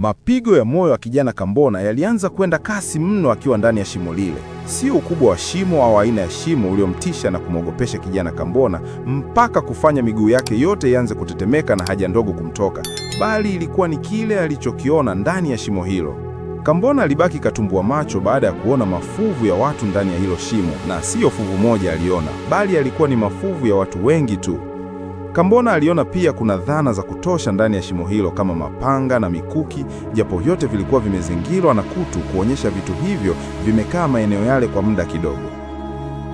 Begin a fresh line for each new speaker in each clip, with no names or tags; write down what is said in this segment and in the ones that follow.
Mapigo ya moyo wa kijana Kambona yalianza kwenda kasi mno akiwa ndani ya shimo lile. Sio ukubwa wa shimo au aina ya shimo uliomtisha na kumwogopesha kijana Kambona mpaka kufanya miguu yake yote ianze kutetemeka na haja ndogo kumtoka, bali ilikuwa ni kile alichokiona ndani ya shimo hilo. Kambona alibaki katumbua macho baada ya kuona mafuvu ya watu ndani ya hilo shimo, na siyo fuvu moja aliona, bali alikuwa ni mafuvu ya watu wengi tu. Kambona aliona pia kuna dhana za kutosha ndani ya shimo hilo kama mapanga na mikuki, japo vyote vilikuwa vimezingirwa na kutu kuonyesha vitu hivyo vimekaa maeneo yale kwa muda kidogo.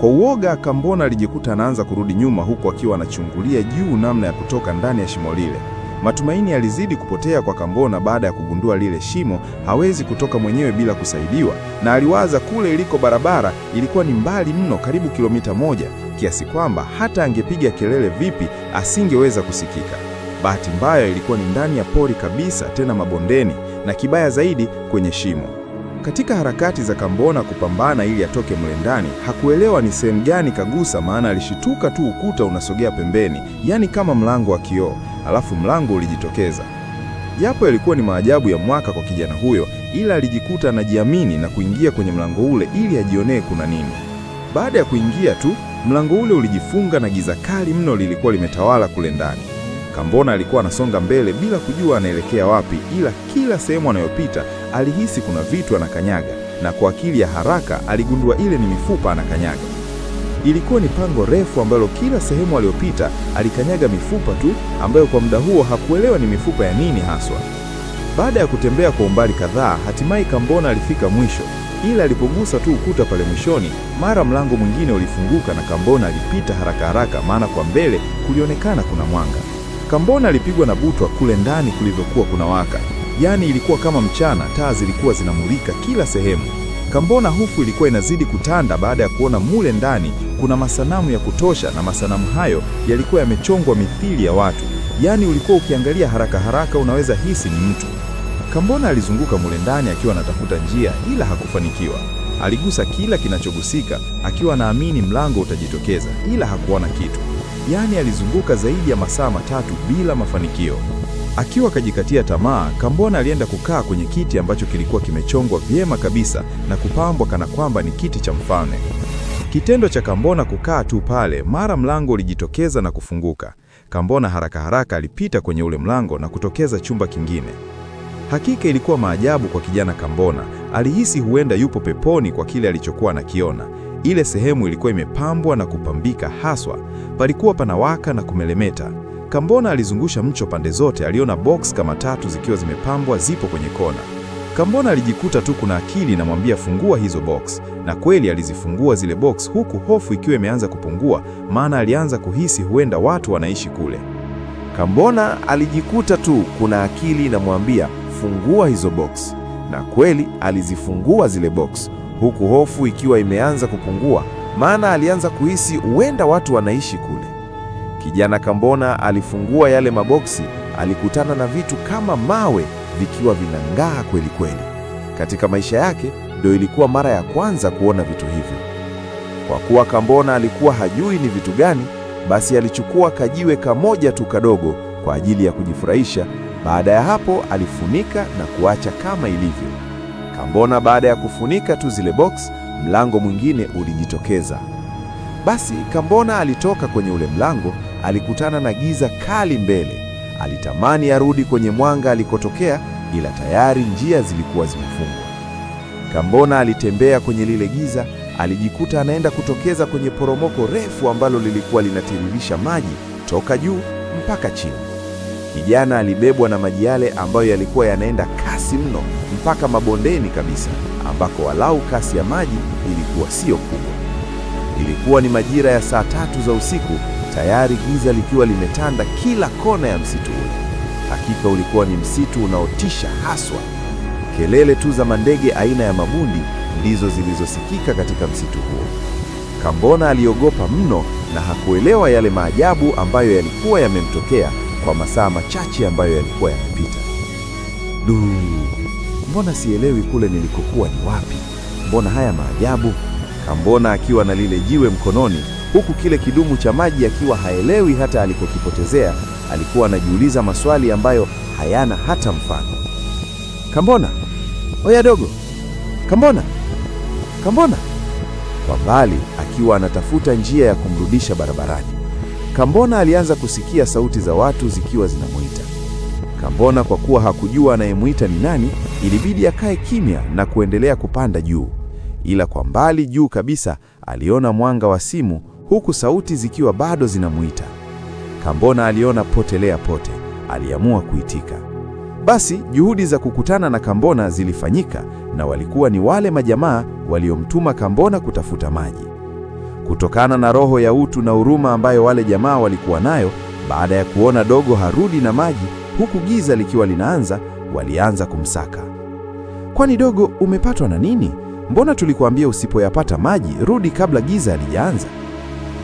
Kwa uoga, Kambona alijikuta anaanza kurudi nyuma, huku akiwa anachungulia juu namna ya kutoka ndani ya shimo lile. Matumaini yalizidi kupotea kwa Kambona baada ya kugundua lile shimo hawezi kutoka mwenyewe bila kusaidiwa, na aliwaza kule iliko barabara ilikuwa ni mbali mno, karibu kilomita moja, kiasi kwamba hata angepiga kelele vipi asingeweza kusikika. Bahati mbaya ilikuwa ni ndani ya pori kabisa, tena mabondeni, na kibaya zaidi kwenye shimo. Katika harakati za Kambona kupambana ili atoke mle ndani, hakuelewa ni sehemu gani kagusa, maana alishituka tu ukuta unasogea pembeni, yaani kama mlango wa kioo halafu mlango ulijitokeza. Japo yalikuwa ni maajabu ya mwaka kwa kijana huyo, ila alijikuta anajiamini na kuingia kwenye mlango ule ili ajionee kuna nini. Baada ya kuingia tu, mlango ule ulijifunga na giza kali mno lilikuwa limetawala kule ndani. Kambona alikuwa anasonga mbele bila kujua anaelekea wapi, ila kila sehemu anayopita alihisi kuna vitu anakanyaga, na kwa akili ya haraka aligundua ile ni mifupa anakanyaga. Ilikuwa ni pango refu ambalo kila sehemu aliyopita alikanyaga mifupa tu ambayo kwa muda huo hakuelewa ni mifupa ya nini haswa. Baada ya kutembea kwa umbali kadhaa, hatimaye Kambona alifika mwisho, ila alipogusa tu ukuta pale mwishoni, mara mlango mwingine ulifunguka na Kambona alipita haraka haraka, maana kwa mbele kulionekana kuna mwanga. Kambona alipigwa na butwa kule ndani kulivyokuwa kuna waka, yaani ilikuwa kama mchana, taa zilikuwa zinamulika kila sehemu. Kambona hofu ilikuwa inazidi kutanda baada ya kuona mule ndani kuna masanamu ya kutosha, na masanamu hayo yalikuwa yamechongwa mithili ya watu, yaani ulikuwa ukiangalia haraka haraka unaweza hisi ni mtu. Kambona alizunguka mule ndani akiwa anatafuta njia, ila hakufanikiwa. Aligusa kila kinachogusika akiwa anaamini mlango utajitokeza, ila hakuona kitu. Yaani alizunguka zaidi ya masaa matatu bila mafanikio. Akiwa akajikatia tamaa, Kambona alienda kukaa kwenye kiti ambacho kilikuwa kimechongwa vyema kabisa na kupambwa kana kwamba ni kiti cha mfalme. Kitendo cha Kambona kukaa tu pale, mara mlango ulijitokeza na kufunguka. Kambona haraka haraka alipita kwenye ule mlango na kutokeza chumba kingine. Hakika ilikuwa maajabu kwa kijana Kambona. Alihisi huenda yupo peponi kwa kile alichokuwa anakiona. Ile sehemu ilikuwa imepambwa na kupambika haswa, palikuwa panawaka na kumelemeta. Kambona alizungusha mcho pande zote, aliona box kama tatu zikiwa zimepambwa zipo kwenye kona. Kambona alijikuta tu kuna akili inamwambia fungua hizo box, na kweli alizifungua zile box, huku hofu ikiwa imeanza kupungua, maana alianza kuhisi huenda watu wanaishi kule. Kambona alijikuta tu kuna akili inamwambia fungua hizo box, na kweli alizifungua zile box, huku hofu ikiwa imeanza kupungua, maana alianza kuhisi huenda watu wanaishi kule. Kijana Kambona alifungua yale maboksi, alikutana na vitu kama mawe vikiwa vinang'aa kweli kweli. Katika maisha yake ndio ilikuwa mara ya kwanza kuona vitu hivyo. Kwa kuwa Kambona alikuwa hajui ni vitu gani, basi alichukua kajiwe kamoja tu kadogo kwa ajili ya kujifurahisha. Baada ya hapo alifunika na kuacha kama ilivyo. Kambona baada ya kufunika tu zile box, mlango mwingine ulijitokeza. Basi Kambona alitoka kwenye ule mlango, alikutana na giza kali mbele. Alitamani arudi kwenye mwanga alikotokea, ila tayari njia zilikuwa zimefungwa. Kambona alitembea kwenye lile giza, alijikuta anaenda kutokeza kwenye poromoko refu ambalo lilikuwa linatiririsha maji toka juu mpaka chini. Kijana alibebwa na maji yale ambayo yalikuwa yanaenda kasi mno mpaka mabondeni kabisa, ambako walau kasi ya maji ilikuwa siyo kubwa. Ilikuwa ni majira ya saa tatu za usiku tayari giza likiwa limetanda kila kona ya msitu ule. Hakika ulikuwa ni msitu unaotisha haswa. Kelele tu za mandege aina ya mabundi ndizo zilizosikika katika msitu huo. Kambona aliogopa mno na hakuelewa yale maajabu ambayo yalikuwa yamemtokea kwa masaa machache ambayo yalikuwa yamepita.
Du, mbona sielewi kule nilikokuwa ni wapi? Mbona haya maajabu? Kambona akiwa na lile jiwe mkononi huku kile kidumu cha maji akiwa haelewi hata alikokipotezea. Alikuwa anajiuliza maswali ambayo hayana hata mfano. Kambona, oya dogo, Kambona, Kambona! Kwa mbali akiwa anatafuta njia ya kumrudisha barabarani. Kambona alianza kusikia sauti za watu zikiwa zinamwita Kambona. Kwa kuwa hakujua anayemwita ni nani, ilibidi akae kimya na kuendelea kupanda juu, ila kwa mbali juu kabisa aliona mwanga wa simu huku sauti zikiwa bado zinamuita. Kambona aliona potelea pote, aliamua kuitika. Basi juhudi za kukutana na Kambona zilifanyika na walikuwa ni wale majamaa waliomtuma Kambona kutafuta maji. Kutokana na roho ya utu na huruma ambayo wale jamaa walikuwa nayo, baada ya kuona dogo harudi na maji huku giza likiwa linaanza, walianza kumsaka. Kwani dogo, umepatwa na nini? Mbona tulikuambia usipoyapata maji rudi kabla giza halijaanza?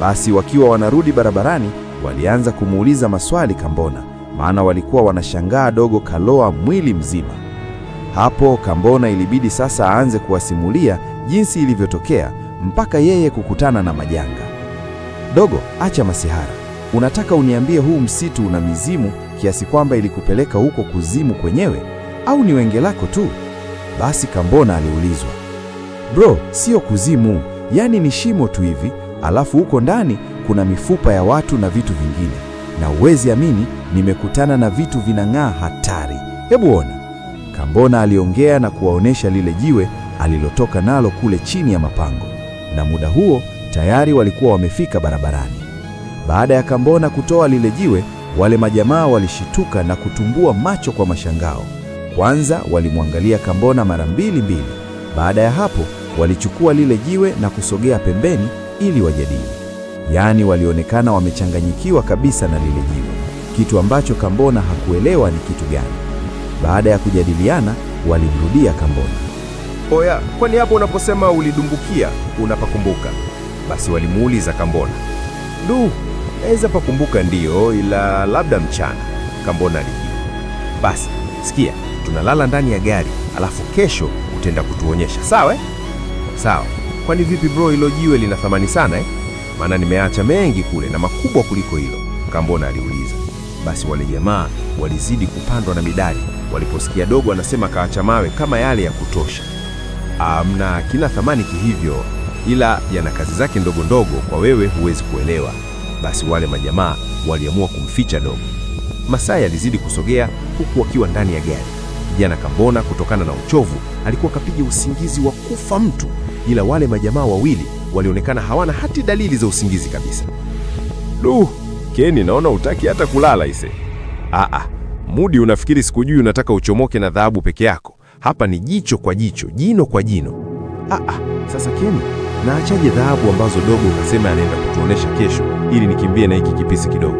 Basi wakiwa wanarudi barabarani, walianza kumuuliza maswali Kambona, maana walikuwa wanashangaa dogo kaloa mwili mzima. Hapo Kambona ilibidi sasa aanze kuwasimulia jinsi ilivyotokea mpaka yeye kukutana na majanga. Dogo, acha masihara, unataka uniambie huu msitu una mizimu kiasi kwamba ilikupeleka huko kuzimu kwenyewe, au ni wenge lako tu? Basi Kambona aliulizwa. Bro, sio kuzimu, yaani ni shimo tu hivi alafu huko ndani kuna mifupa ya watu na vitu vingine, na uwezi amini, nimekutana na vitu vinang'aa hatari. Hebu ona. Kambona aliongea na kuwaonesha lile jiwe alilotoka nalo kule chini ya mapango, na muda huo tayari walikuwa wamefika barabarani. Baada ya Kambona kutoa lile jiwe, wale majamaa walishituka na kutumbua macho kwa mashangao. Kwanza walimwangalia Kambona mara mbili mbili. Baada ya hapo walichukua lile jiwe na kusogea pembeni ili wajadili, yaani walionekana wamechanganyikiwa kabisa na lile jiwe kitu ambacho Kambona hakuelewa ni kitu gani. Baada ya kujadiliana, walimrudia Kambona. Oya, kwani hapo unaposema ulidumbukia unapakumbuka? Basi walimuuliza Kambona. Du, naweza pakumbuka ndiyo, ila labda mchana, Kambona alijibu. Basi sikia, tunalala ndani ya gari, alafu kesho utaenda kutuonyesha, sawa? Eh? Sawa. Kwani vipi bro, hilo jiwe lina thamani sana eh? Maana nimeacha mengi kule na makubwa kuliko hilo, Kambona aliuliza. Basi wale jamaa walizidi kupandwa na midali waliposikia dogo anasema kaacha mawe kama yale ya kutosha. Amna kina thamani kihivyo, ila yana kazi zake ndogo ndogo, kwa wewe huwezi kuelewa. Basi wale majamaa waliamua kumficha dogo. Masaa yalizidi kusogea, huku wakiwa ndani ya gari. Kijana Kambona, kutokana na uchovu, alikuwa kapiga usingizi wa kufa mtu ila wale majamaa wawili walionekana hawana hati dalili za usingizi kabisa. Lu, Keni, naona utaki hata kulala ise. Aa, Mudi, unafikiri sikujui unataka uchomoke na dhahabu peke yako? Hapa ni jicho kwa jicho, jino kwa jino. Aa, sasa Keni, naachaje dhahabu ambazo dogo unasema anaenda kutuonesha kesho, ili nikimbie na hiki kipisi kidogo?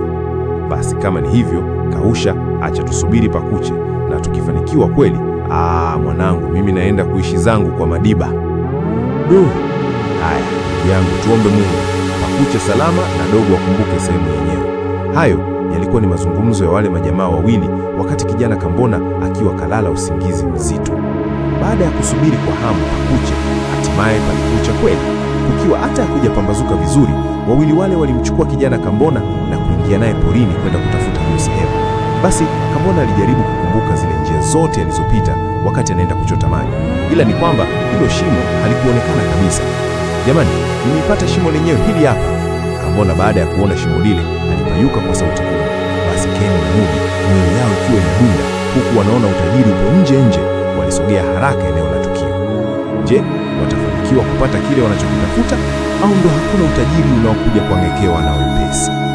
Basi kama ni hivyo, kausha, acha tusubiri pakuche, na tukifanikiwa kweli, aa, mwanangu, mimi naenda kuishi zangu kwa Madiba. Du, haya yangu, tuombe Mungu akuche salama na dogo wakumbuke sehemu yenyewe. Hayo yalikuwa ni mazungumzo ya wale majamaa wawili wakati kijana Kambona akiwa kalala usingizi mzito. Baada ya kusubiri kwa hamu pakuche, hatimaye palikucha kweli. Kukiwa hata pambazuka vizuri, wawili wale walimchukua kijana Kambona na kuingia naye porini kwenda kutafuta sehemu basi Kambona alijaribu kukumbuka zile njia zote alizopita wakati anaenda kuchota maji, ila ni kwamba hilo shimo halikuonekana kabisa. Jamani, nimeipata shimo lenyewe hili hapa. Kamona baada ya kuona shimo lile alipayuka kwa sauti kubwa. Basi Ken na Mudi, mioyo yao ikiwa inadunda, huku wanaona utajiri upo nje nje, walisogea haraka eneo la tukio. Je, watafanikiwa kupata kile wanachokitafuta au ndo hakuna utajiri unaokuja kwa ngekewa na wepesi?